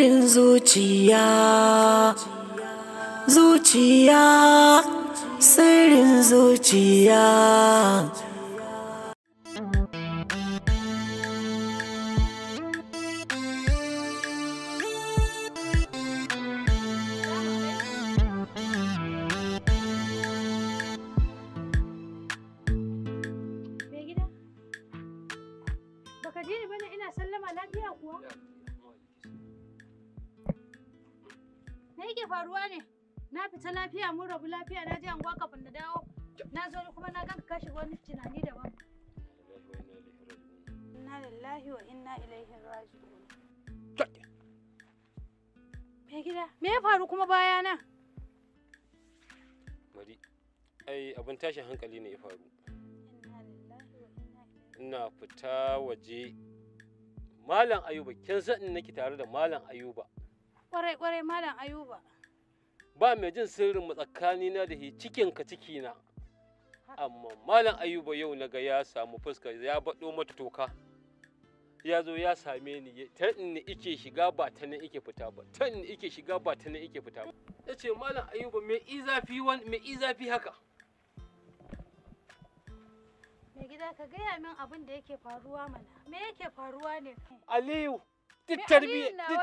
irin zuciya zuciya sirrin zuciya wani tunani daban inna lillahi wa inna ilaihi raji'un me gida me ya faru kuma baya na mari ai abin tashin hankali ne ya faru ina fita waje malam ayuba kin san in nake tare da malam ayuba kwarai kwarai malam ayuba ba mai jin sirrin mu tsakanina da cikin ka cikina amma malam ayuba yau na ga ya samu fuska ya baɗo mata toka ya zo ya same ni ta ni ike shiga ba ta nan ike fita ba ta ni ike shiga ba ta nan ike fita ba ya ce malam ayuba me izafi wan me izafi haka mai gida ka gaya min abin da yake faruwa mana me yake faruwa ne aliyu duk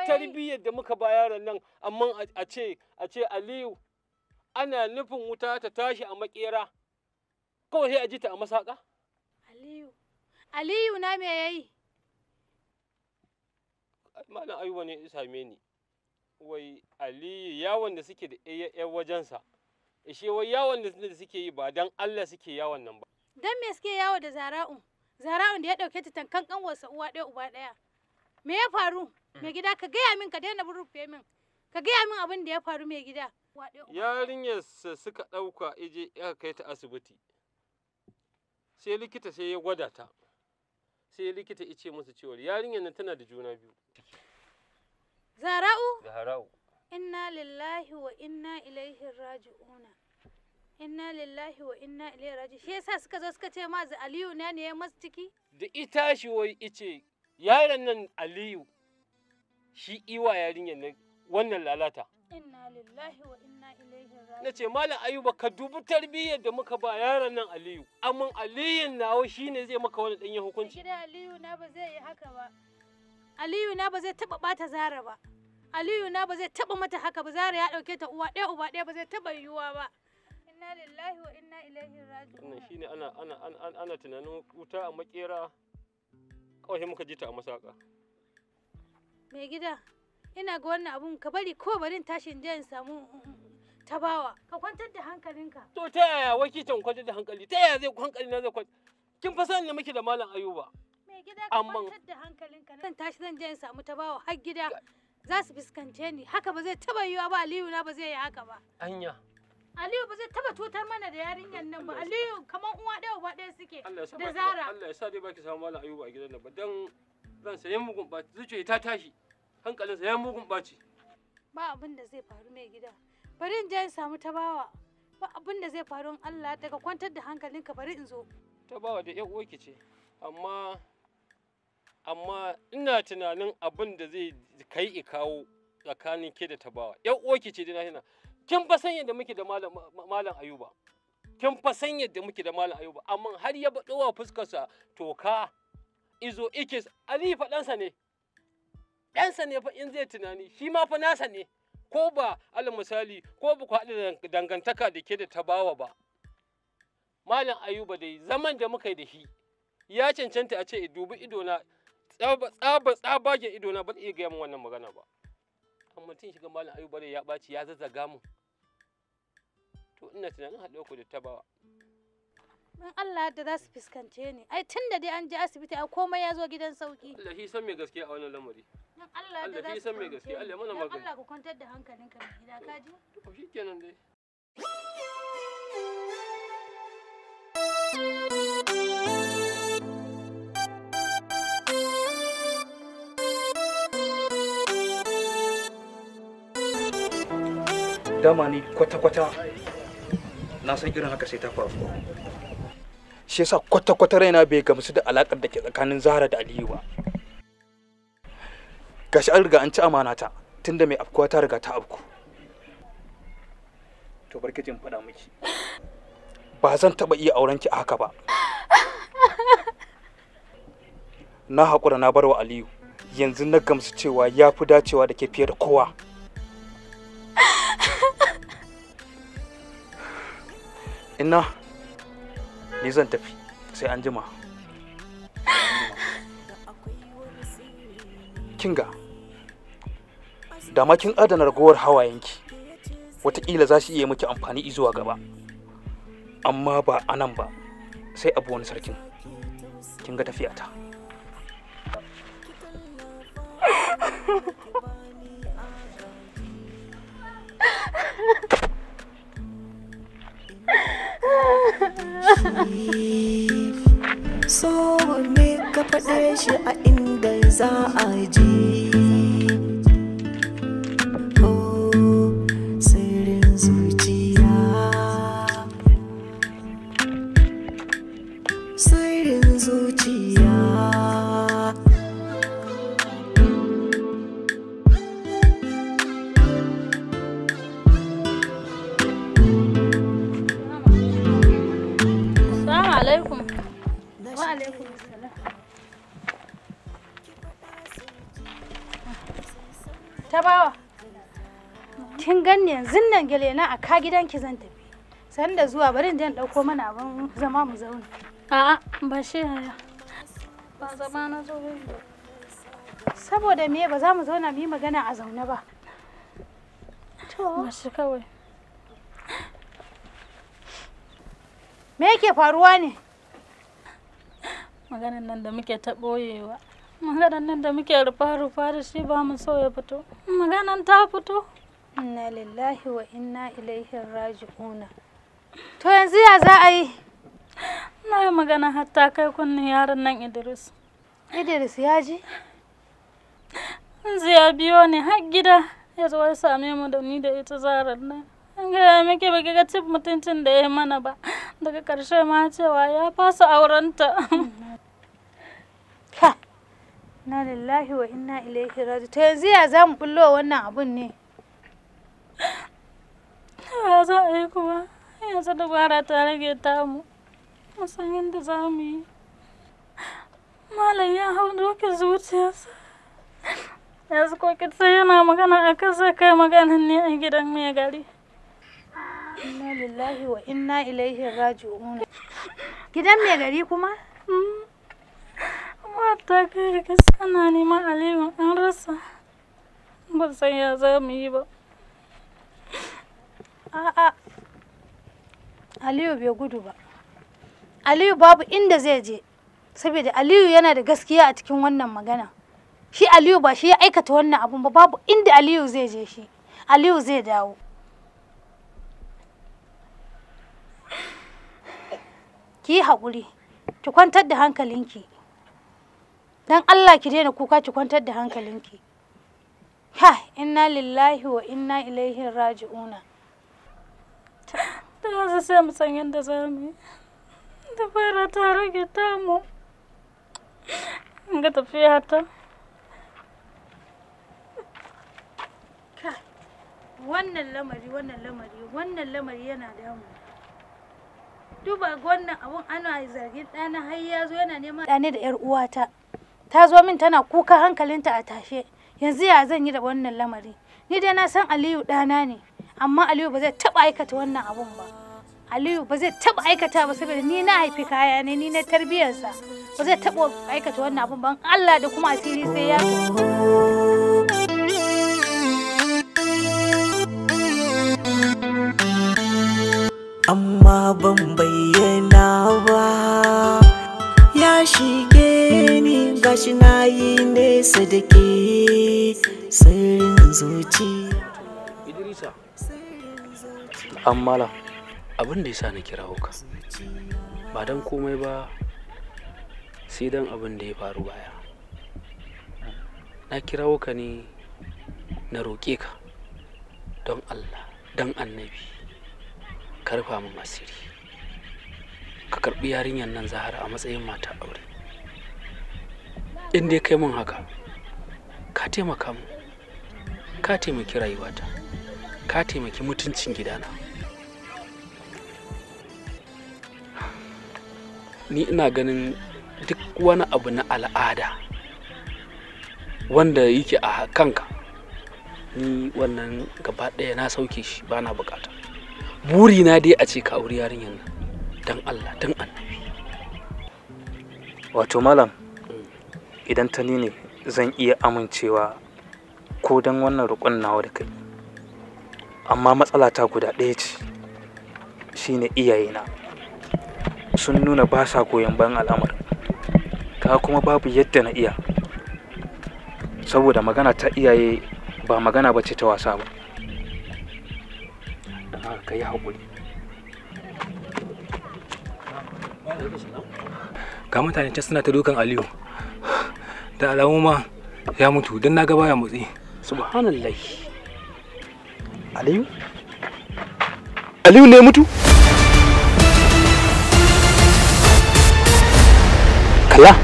tarbiyyar da muka ba yaron nan amma a ce a ce aliyu ana nufin wuta ta tashi a makera kawai sai a ji ta a masaka aliyu aliyu na me yi. malam ayuba ne ya same ni wai aliyu yawon da suke da yan wajensa ishe wai yawon da suke yi ba don allah suke yawon nan ba dan me suke yawo da zara'u zara'un da ya ɗauke ta tankan kanwarsa uwa ɗaya uba ɗaya me ya faru mai gida ka gaya min ka daina rufe min ka gaya min abin da ya faru mai gida yarinyarsa suka ɗauka ije aka kai ta asibiti sai likita sai ya gwada ta sai likita ya ce musu cewa yarinyar nan tana da juna biyu zara'u zara'u inna lillahi wa inna ilaihi raji'una inna lillahi wa inna ilaihi raji'una, shi yasa suka zo suka ce ma za aliyu na ne ya masu ciki da ita shi wai ice yaron nan aliyu shi iwa yarinyar nan wannan lalata inna lillahi wa inna na ce malam ayuba ka dubi tarbiyyar da muka ba yaron nan aliyu amma aliyun nawa shine zai maka wani danyen hukunci gida aliyu na ba zai yi haka ba aliyu na ba zai taba bata zara ba aliyu na ba zai taba mata haka ba zara ya dauke ta uwa ɗaya uba ɗaya ba zai taba yiwuwa ba inna lillahi wa inna ilaihi raji'un wannan shine ana ana ana, ana tunanin wuta a makera kawai muka ji ta a masaka mai gida ina ga wannan abun ka bari ko barin tashin je in samu tabawa ka kwantar da hankalinka to ta yaya wakilcin kwantar da hankali ta yaya zai hankali na zai kwantar kin fa ne muke da malam ayuba me gida ka kwantar da hankalinka zan tashi zan je in samu tabawa har gida za su fuskance ni haka ba zai taba yiwa ba aliyu na ba zai yi haka ba anya Aliyu ba zai taba cutar mana da yarinyar nan ba. Aliyu kamar uwa ɗaya uba ɗaya suke da Zara. Allah ya sa dai baki samu malam Ayuba a gidan nan ba dan zan sayan mugun ɓaci zuciya ta tashi hankalinsa ya mugun ɓaci. Ba abin da zai faru mai gida. bari in je in samu tabawa ba abin da zai faru in Allah daga kwantar da hankalinka bari in zo tabawa da yan uwarki ce amma amma ina tunanin abin da zai kai i kawo tsakanin ke da tabawa yan uwarki ce dina hina kin fa san yadda muke da malam malam ayuba kin fa san yadda muke da malam ayuba amma har ya bado wa fuskarsa toka izo ikis ali fa sa ne sa ne fa in zai tunani shi ma fa nasa ne ko ba alal misali ko ba ku haɗa dangantaka da ke da tabawa ba malam ayuba dai zaman da muka yi da shi ya cancanta a ce dubi idona tsaba ke idona ba iya gaya min wannan magana ba amma tun shiga malam ayuba dai ya ɓaci ya zazzaga mu to ina tunanin haɗuwa ku da tabawa in Allah da za su fuskance ni ai tun da dai an je asibiti a komai ya zo gidan sauki Allah shi san me gaskiya a wannan lamari Allah da za su san me gaskiya Allah mana magana Allah ku kwantar da hankalinka mai gida ka ji to shikenan dai dama ni kwata-kwata na san irin haka sai ta faru shi yasa kwata-kwata raina bai gamsu da alakar da ke tsakanin zahra da aliyu ba gashi an riga an ci amana ta tunda mai afkuwa ta riga ta afku to faɗa miki ba zan taɓa iya auren ki a haka ba na haƙura na barwa aliyu yanzu na gamsu cewa ya fi dacewa da ke fiye da kowa ina ni zan tafi sai an jima kinga da ma kin adana ragowar hawayenki watakila za su iya miki amfani izuwa gaba amma ba anan ba sai abu wani sarkin kinga tafiya ta so ne ka faɗe shi a inda za a je dangale na a ka gidanki zan tafi. San da zuwa barin jan dauko mana abin zama mu zauna. A'a ba shi yaya. Ba zama na zo Saboda me ba za mu zauna mu yi magana a zaune ba. To. Ba shi kawai. Me yake faruwa ne? Maganan nan da muke ta boyewa Maganan nan da muke rufa-rufa da shi ba mu so ya fito. Maganan ta fito. inna lillahi wa inna ilaihi raji'una to yanzu ya za a yi na yi magana hatta kai kunnen yaron nan idris idris ya ji yanzu ya biyo ne har gida ya zo ya same mu da ni da ita zarar nan an gaya muke ba ga cin mutuncin da ya yi mana ba daga karshe ma cewa ya fasa aurenta na lillahi wa inna ilaihi raji'una. to yanzu ya za mu bullo wannan abun ne ya za a yi kuma yanzu da ta rage tamu yadda za mu yi malam ya hau dokin zuciyarsa yanzu kokin sai yana magana a kasa kai maganin ne a gidan mai gari inna lillahi wa inna ilaihi raji'un gidan mai gari kuma mata mm. kai da sana neman aliyu an rasa Ban san ya za mu yi ba a'a aliyu bai gudu ba aliyu babu inda zai je saboda aliyu yana da gaskiya a cikin wannan magana shi aliyu ba shi ya aikata wannan abun ba babu inda aliyu zai je shi aliyu zai dawo ki yi haƙuri ki kwantar da hankalinki don allah ki daina kuka ki kwantar da hankalinki ha inna lillahi wa inna ilaihi raji'una yanzu sai mu san yadda za mu yi da fara ta rage tamu ga tafiya ta wannan lamari wannan lamari wannan lamari yana damu duba wannan abun ana zargin ɗana har ya zo yana neman ɗane da 'yar uwata ta zo min tana kuka hankalinta a tashe yanzu ya zan yi da wannan lamari ni dai na san aliyu ɗana ne amma Aliyu ba zai taba aikata wannan abun ba Aliyu ba zai taba aikata ba saboda ni na haifi kaya ne ni na tarbiyarsa ba zai taba aikata wannan abun ba Allah da kuma asiri sai ya amma ban bayyana ba ya shige ni gashi na yi nesa da ke sirrin zuciya an mala abin da yasa na kirawo ka ba dan komai ba sai dan abin da ya faru baya na kirawo ka ne na roƙe ka don allah don annabi ka rufa min asiri ka karɓi yarinyar nan zahara a matsayin mata aure inda ya kai mun haka ka taimaka mu ka taimaki rayuwata ka taimaki mutuncin gidana ni ina ganin duk wani abu na al'ada wanda yake a kanka ni wannan gaba ɗaya na sauke shi ba na bukata na dai a ce ka auri yarinyar nan don allah don annabi wato malam hmm. idan ta ni ne zan iya amincewa ko don wannan rukun nawa da kai amma matsala ta guda ɗaya ce shine iyayena sun nuna ba sa goyon bayan al'amar ka kuma babu yadda na iya saboda magana ta iyaye ba magana ba ce ta wasa ba ka yi haƙuri ga mutane can suna ta dukan aliyu da alamu ma ya mutu don na gaba ya motsi subhanallah aliyu aliyu ne mutu kalla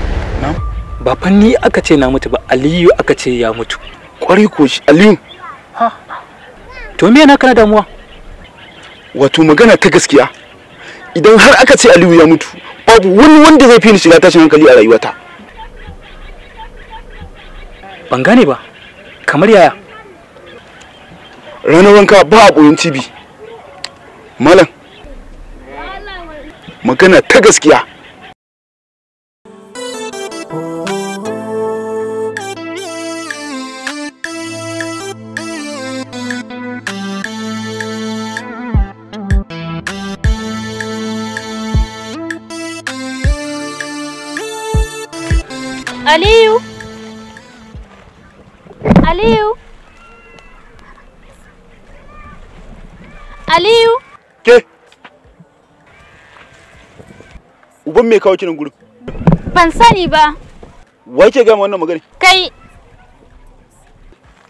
ba fanni aka ce na mutu ba aliyu aka ce ya mutu kwarai ko shi aliyu to me yana kana damuwa wato magana ta gaskiya idan har aka ce aliyu ya mutu babu wani wanda zai fi ni shiga tashin hankali a rayuwata ban gane ba kamar yaya ranar wanka ba a ɓoyin cibi malam magana ta gaskiya Aliyu! Aliyu! Aliyu! Ke! Uban me kawo kinin gurin? Ban sani ba. Vai chegar gama wannan Kai!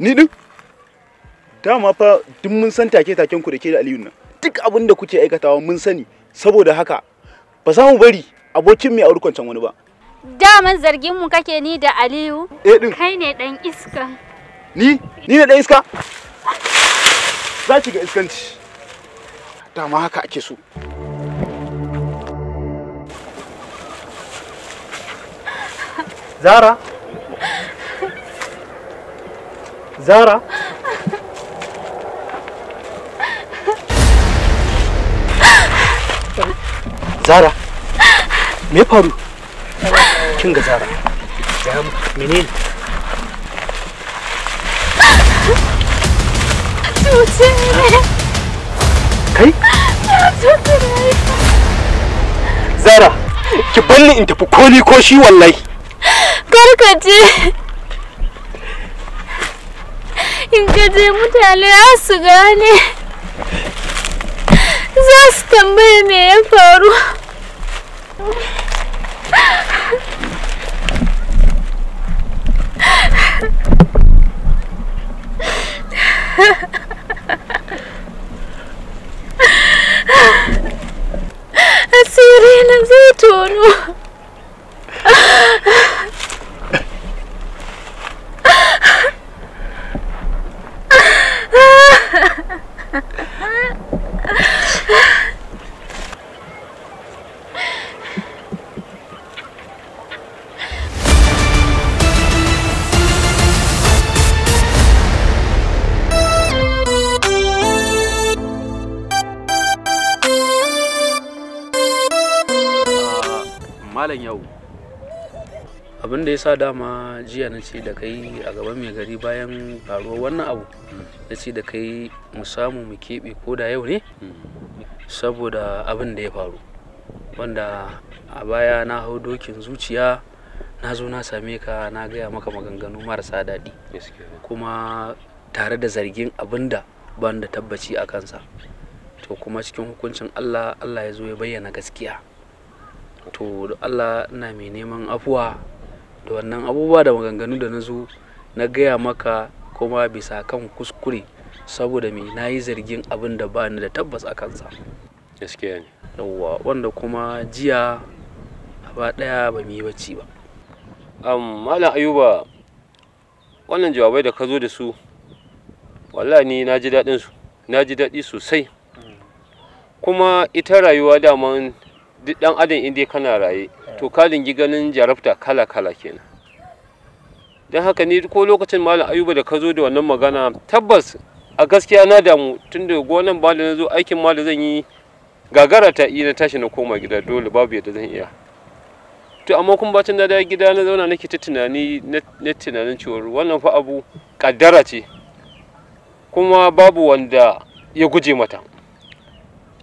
Ni Tá Dama fa duk mun san take-taken ku da ke da Aliyu nan. Duk abin que kuke aikatawa mun sani saboda haka ba za mu bari abokin mai auri kwancan wani ba. daman zargin mu kake ni da Aliyu? Eh din. Kai ne dan iska. Ni? Ni ne dan iska? Za ki ga iskanci. Dama haka ake so. Zara? Zara? Zara? Me faru? kin ga zara ya menene cuce ne kai zara ki banni in tafi koli ko shi wallahi karkace in ka je mutane za su gane za su tambaye me ya faru السيرين زيتون sa dama jiya na ce da kai a gaban mai gari bayan faruwar wannan abu na ce da kai mu samu mu keɓe ko da yau ne saboda abin da ya faru wanda a baya na hau dokin zuciya na zo na same ka na gaya maka maganganu marasa daɗi kuma tare da zargin abin da ban da tabbaci a kansa to kuma cikin hukuncin allah allah ya zo ya bayyana gaskiya to allah na mai neman afuwa da wannan abubuwa da maganganu da na zo na gaya maka kuma bisa kan kuskure saboda me na yi zargin abin da ba ni da tabbas a kansa yawwa wanda kuma jiya ba ɗaya ba mu yi bacci ba um, malam ayuba wannan jawabai da ka zo da su wallahi ni na ji daɗin su na ji daɗi sosai mm. kuma ita rayuwa daman duk dan adam in dai kana raye to ka dingi ganin jarafta kala kala kenan don haka ne ko lokacin malam ayuba da ka zo da wannan magana tabbas a gaskiya na damu tunda gonan ba da na zo aikin ma da zan yi gagara ta tashi na koma gida dole babu yadda zan iya to amma kuma bacin da dai gida na zauna nake ta tunani na tunanin cewa wannan fa abu kaddara ce kuma babu wanda ya guje mata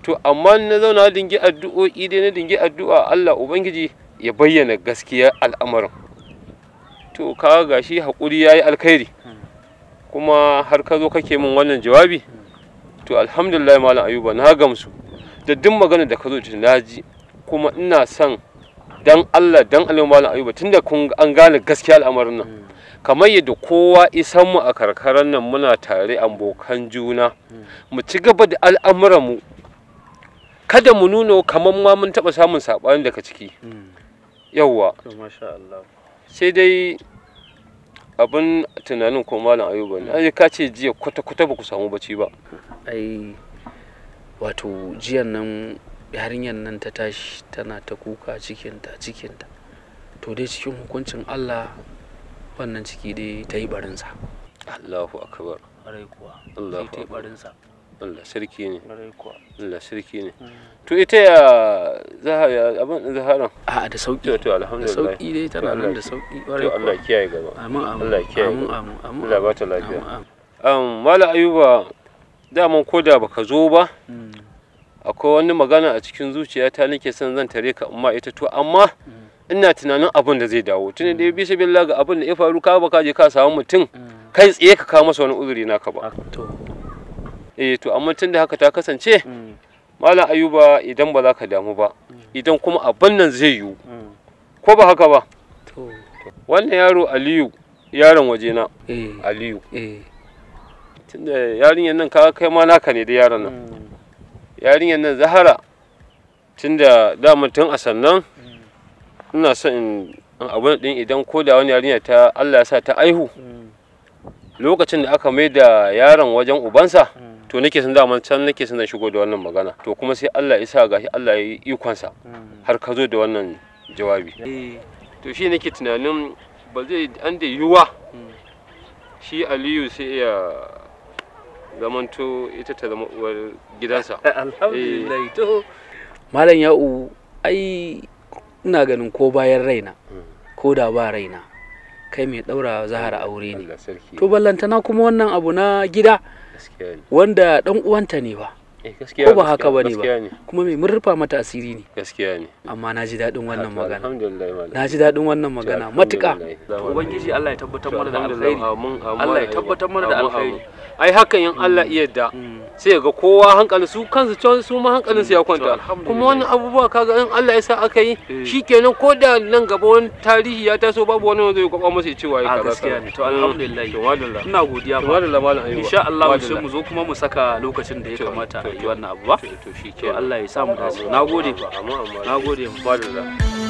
to amma na zauna dingi addu'o'i dai na dingi addu'a Allah ubangiji ya bayyana gaskiyar al'amarin to kaga gashi haƙuri ya yi alkhairi kuma har ka zo kake min wannan jawabi to alhamdulillah malam ayuba na gamsu da duk magana da ka zo ta naji kuma ina son dan Allah dan Allah malam ayuba tunda kun an gane gaskiya al'amarin nan kamar yadda kowa isan mu a karkaran nan muna tare abokan juna mu ci gaba da al'amuran mu kada mu nuna kamar ma mun taɓa samun saɓani daga ciki mm. yawwa sai dai abin tunanin ko malam ayuba ne ai ka ce jiya kwata-kwata ba ku samu bacci ba ai wato jiyan nan yarinyar nan ta tashi tana ta kuka cikinta cikinta to dai cikin hukuncin allah wannan ciki dai ta yi barinsa allahu akbar kuwa ta yi barinsa Allah sarki ne Allah sarki ne mm. to ita ya zahara abin zaharan a da sauki to alhamdulillah sauki dai tana nan da sauki to Allah kiyaye gaba amin amin Allah kiyaye amin amin Allah ba ta lafiya um mala ayuba da mun koda baka zo ba mm. akwai wani magana a cikin zuciyata nake son zan tare ka amma ita to amma mm. ina tunanin abin da zai dawo tunda da bisa billah ga abin da ya faru ka baka je ka samu mutum kai tsaye ka kawo masa wani uzuri naka ba to eh to amma tunda haka ta kasance mm. malam ayuba idan ba za ka damu ba mm. idan kuma abin nan zai yiwu mm. ko ba haka ba wannan yaro aliyu yaron wajena eh. aliyu eh. tunda yarinyar nan ka kai ma naka ne da yaron nan yarinyar nan zahara tunda da tun a sannan ina son in abin din idan ko da wani yarinya ta Allah ya sa ta aihu lokacin da aka mai da yaron wajen ubansa mm. to nake sun dama can nake sun shigo da wannan magana to kuma sai Allah ya sa gashi Allah ya yi ikonsa mm. har ka zo da wannan jawabi eh. to shi nake tunanin ba zai an da yiwuwa mm. shi Aliyu sai ya zamanto ita ta zama uwar gidansa alhamdulillah eh. to malam ya'u ai ina ganin ko bayan raina ko da ba raina kai mai daura zahara aure ne to ballantana kuma wannan abu na gida wanda ɗan uwanta ne ba Eh, ko ba haka bane ba kuma mai mun rufa mata asiri ne gaskiya ne amma na ji daɗin wannan magana na ji daɗin wannan magana matuƙa ubangiji Allah ya tabbatar mana da alkhairi Allah ya tabbatar mana da alkhairi ai hakan yan mm. Allah iya da mm. sai ga kowa hankalin su kansu can su ma hankalin su ya mm. kwanta kuma wannan abubuwa kaga in Allah ya sa aka yi eh. shikenan ko da nan gaba wani tarihi ya taso babu wani wanda zai kwaba masa ya ce waye ah, kaza gaskiya ne to alhamdulillah ina godiya ma insha Allah sai mu zo kuma mu saka lokacin da ya kamata bai yi wannan abu ba to shi ke Allah ya sa mu dace nagode nagode mu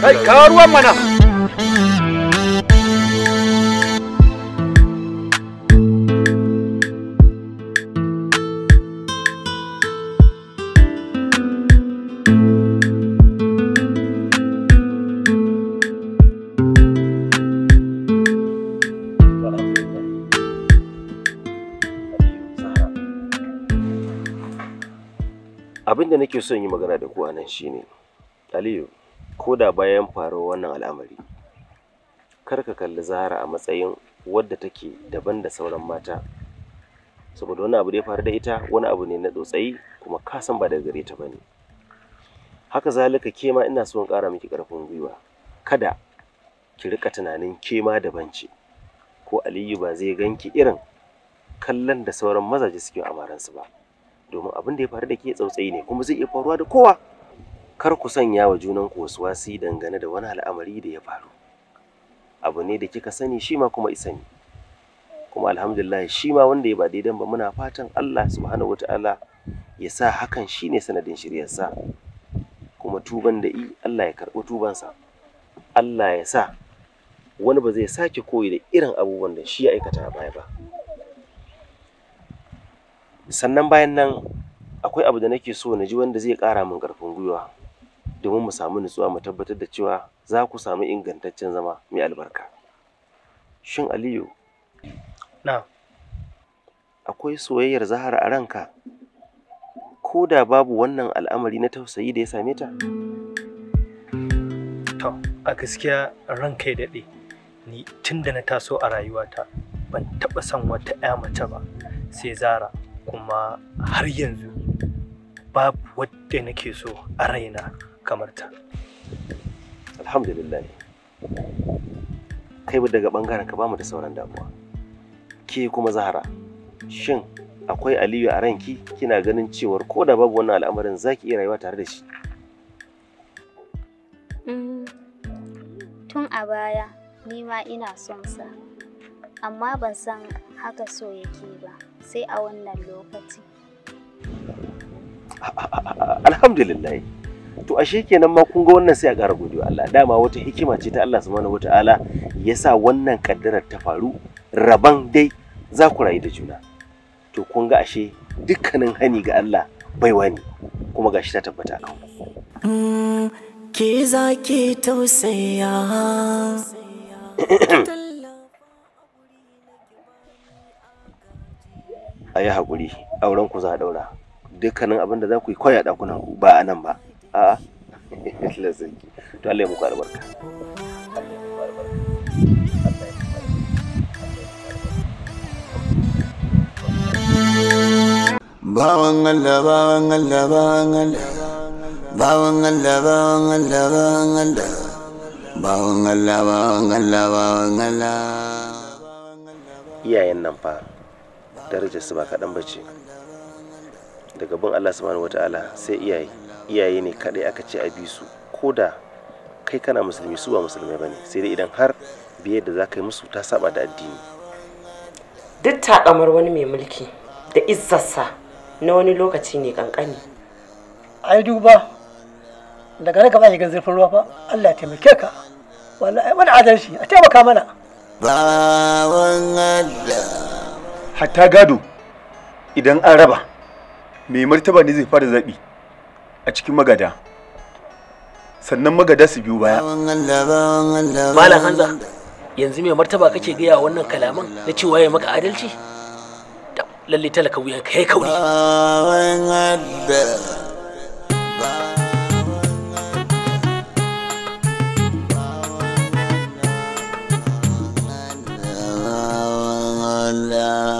kai ka ruwan mana nake son yi magana da ku anan shine Aliyu ko da bayan faruwar wannan al'amari kar ka kalli Zahara a matsayin wadda take daban da sauran mata saboda wani abu da ya faru da ita wani abu ne na tsotsayi kuma ka san ba da gare ta bane haka zalika ke ma ina so son ƙara miki ƙarfin gwiwa kada ki rika tunanin ke ma daban ce ko Aliyu ba zai ganki irin kallon da sauran mazaje suke amaransu ba domin abin da ya faru da ke tsautsayi ne kuma zai iya faruwa da kowa kar ku sanya wa junan ku wasu wasi dangane da wani al'amari da ya faru abu ne da kika sani shi ma kuma isa ne kuma alhamdulillah shi ma wanda ya ba daidan ba muna fatan Allah subhanahu wataala ya sa hakan shi ne sanadin shiryarsa kuma tuban da i Allah ya karɓi tubansa Allah ya sa wani ba zai sake koyi da irin abubuwan da shi ya aikata a baya ba sannan bayan nan akwai abu da nake so na ji wanda zai ƙara min ƙarfin gwiwa domin mu samu nutsuwa mu tabbatar da cewa za ku samu ingantaccen zama mai albarka shin aliyu na akwai soyayyar zahara a ranka ko da babu wannan al'amari na tausayi da ya same ta to a gaskiya ranka ya daɗe ni tun da na taso a rayuwata ban taɓa son wata 'ya mace ba sai zara kuma har yanzu babu wadda nake so a raina kamar ta alhamdulillah kai daga bangaren ka bamu da sauran damuwa ke kuma zahara shin akwai aliyu a ranki kina ganin cewar ko da babu wannan al'amarin zaki iya rayuwa tare da shi mm, tun a baya ni ma ina son sa amma ban san haka so yake ba sosai a wannan lokacin. Alhamdulillah. To ashe kenan ma kun ga wannan sai a ƙara godiya Allah. Dama wata hikima ce ta Allah subhanahu wata'ala yasa wannan kaddarar ta faru rabon dai za ku rayu da juna. To kun ga ashe dukkanin hani ga Allah bai wani kuma ga shi ta tabbata a kanku. Mm, ke za ke tausaya. a yi haƙuri auren ku za a ɗaura dukkanin abin da za ku yi kwaya ɗakunan ba a nan ba a to Allah ya muku albarka Bawan Allah, bawan Allah, bawan Allah, bawan Allah, bawan Allah, bawan Allah, bawan Allah, bawan Allah, bawan Allah. Iyayen nan fa darajar su ba kaɗan ba ce daga bin allah subhanahu wataala sai iyaye iyaye ne kaɗai aka ce a bi su ko da kai kana musulmi su ba musulmai ba ne sai dai idan har biye da za ka yi musu ta saba da addini duk taɗamar wani mai mulki da izzarsa na wani lokaci ne kankani ai duba daga nan ka ba shi zurfin ruwa fa allah ya taimake ka wani adalci a taimaka mana bawan allah hatta gado idan an raba mai martaba ne zai fara zaɓi a cikin magada sannan magada su biyu baya malam hanza yanzu mai martaba kake gaya wannan kalaman na cewa ya maka adalci lalle talaka wuyan kai kauri Yeah.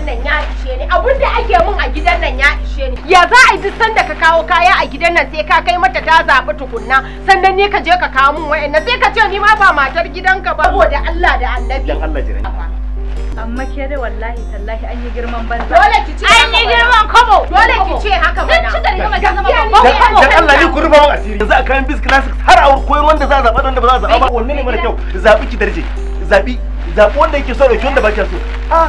gidan nan ya ishe ni abin da ake mun a gidan nan ya ishe ni ya za a ji sanda ka kawo kaya a gidan nan sai ka kai mata ta zaɓi tukunna sannan ne ka je ka kawo mun wa'annan sai ka ce ni ma ba matar gidanka ba saboda Allah da Annabi dan Allah jiran amma ke dai wallahi tallahi an yi girman banza dole ki ce an yi girman kobo dole ki ce haka mana dan ci da ma ta zama babban kobo dan Allah ni ku rufa mun asiri yanzu a kayan bis classics har a koyar wanda za a zaɓa wanda ba za a zaɓa ba wanne ne mara kyau zaɓi ki darje zaɓi zaɓi wanda yake so da wanda ba kya so ah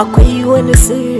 akwai wani sirri